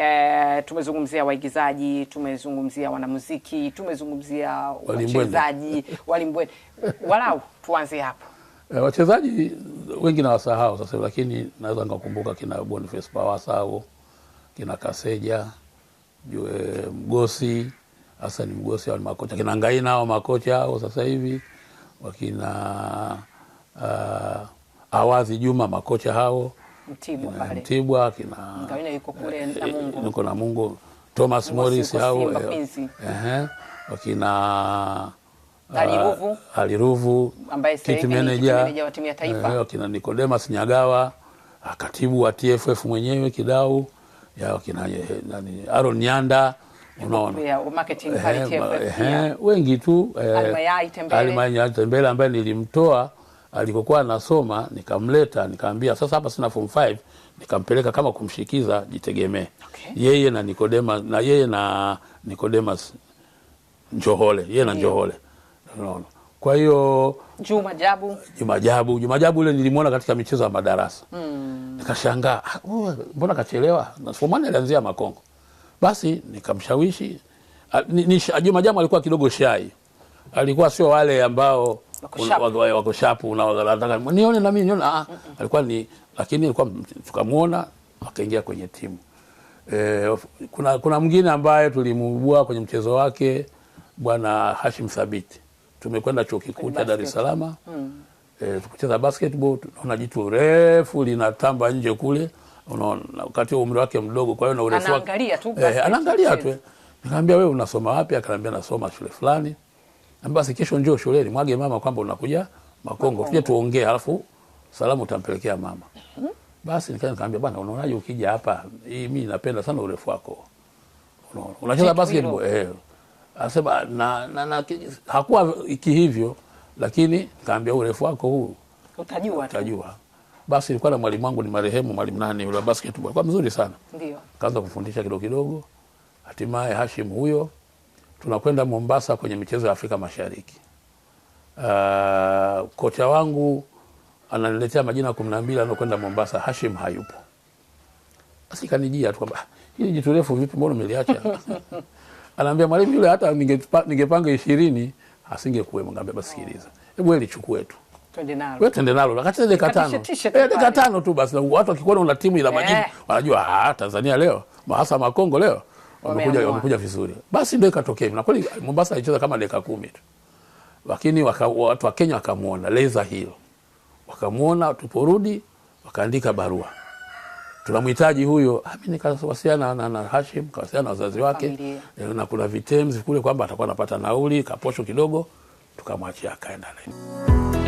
E, tumezungumzia waigizaji, tumezungumzia wanamuziki, tumezungumzia wachezaji walimbweni, walau tuanze hapo. E, wachezaji wengi na wasahau sasa, lakini naweza nikakumbuka kina Boniface Pawasa au kina Kaseja jue Mgosi, hasa ni Mgosi au makocha kina Ngaina au makocha au sasa hivi wakina uh, eh, Awazi Juma makocha hao Mtibwa, kina, Mtibwa kina yuko kule eh, na Mungu, yuko na Mungu Thomas Morris au eh, wakina Aliruvu, eh, Aliruvu ambaye kiti meneja wa timu ya taifa, wakina Nicodemus Nyagawa, ah, katibu wa TFF mwenyewe Kidau, ya wakina nani Aaron Nyanda unaona marketing pale TFF, wengi tu Tembele, Almayai Tembele ambaye nilimtoa alikokuwa anasoma nikamleta, nikaambia sasa hapa sina form 5, nikampeleka kama kumshikiza jitegemee. Okay. Yeye na Nikodema na yeye na Nikodemas Njohole, yeye na Njohole. no. Kwa hiyo Juma Jabu, Juma Jabu, Juma Jabu yule nilimwona katika michezo ya madarasa. Mm. Nikashangaa, ah, mbona kachelewa? Na form 1 alianzia Makongo. Basi nikamshawishi Juma Jabu alikuwa kidogo shai. Alikuwa sio wale ambao wako shapu unataka nione na mimi nione. Ah, alikuwa ni lakini alikuwa tukamwona akaingia kwenye timu. E, kuna kuna mwingine ambaye tulimuibua kwenye mchezo wake bwana Hashim Thabiti. Tumekwenda chuo kikuu cha Dar es Salaam. Mm. E, tukucheza basketball, tunaona jitu refu linatamba nje kule. Unaona wakati umri wake mdogo, kwa hiyo na urefu wake. Anaangalia tu. E, anaangalia tu. Nikamwambia wewe unasoma wapi? Akaniambia nasoma shule fulani basi kesho njoo shuleni, mwage mama kwamba unakuja Makongo, tuje tuongee, alafu salamu utampelekea mama. Basi nikaanza nikamwambia, bwana, unaonaje ukija hapa? Hii mimi napenda sana urefu wako, unaona unacheza basketball eh. Anasema na, na, na hakuwa iki hivyo, lakini nikamwambia urefu wako huu utajua, utajua. Basi nilikuwa na mwalimu wangu ni marehemu mwalimu nani yule basketball, kwa mzuri sana ndio, kaanza kufundisha kidogo kidogo, hatimaye Hashim huyo tunakwenda Mombasa kwenye michezo ya Afrika Mashariki. Uh, kocha wangu ananiletea majina kumi na mbili anaokwenda Mombasa, Hashim hayupo. Basi kanijia tu kwamba ah, hili jitu refu vipi, mbona umeliacha? Anaambia mwalimu yule, hata ningepanga ishirini asingekuwemo. Ngambia basi sikiliza, hebu wewe lichukue tu wewe tende nalo akacheza dakika tano eh, dakika tano tu basi, watu wakikuona una timu ila majini eh. wanajua, ah, Tanzania leo mahasa makongo leo wamekuja wamekuja vizuri, basi ndio ikatokea. Na kweli Mombasa alicheza kama dakika kumi tu, lakini watu wa Kenya wakamwona leza hilo, wakamwona. Tuporudi wakaandika barua, tunamhitaji huyo. Ah, mimi nikawasiliana na, na Hashim, kawasiliana na wazazi wake, na kuna vitems kule kwamba atakuwa anapata nauli kaposho kidogo, tukamwachia akaenda leo.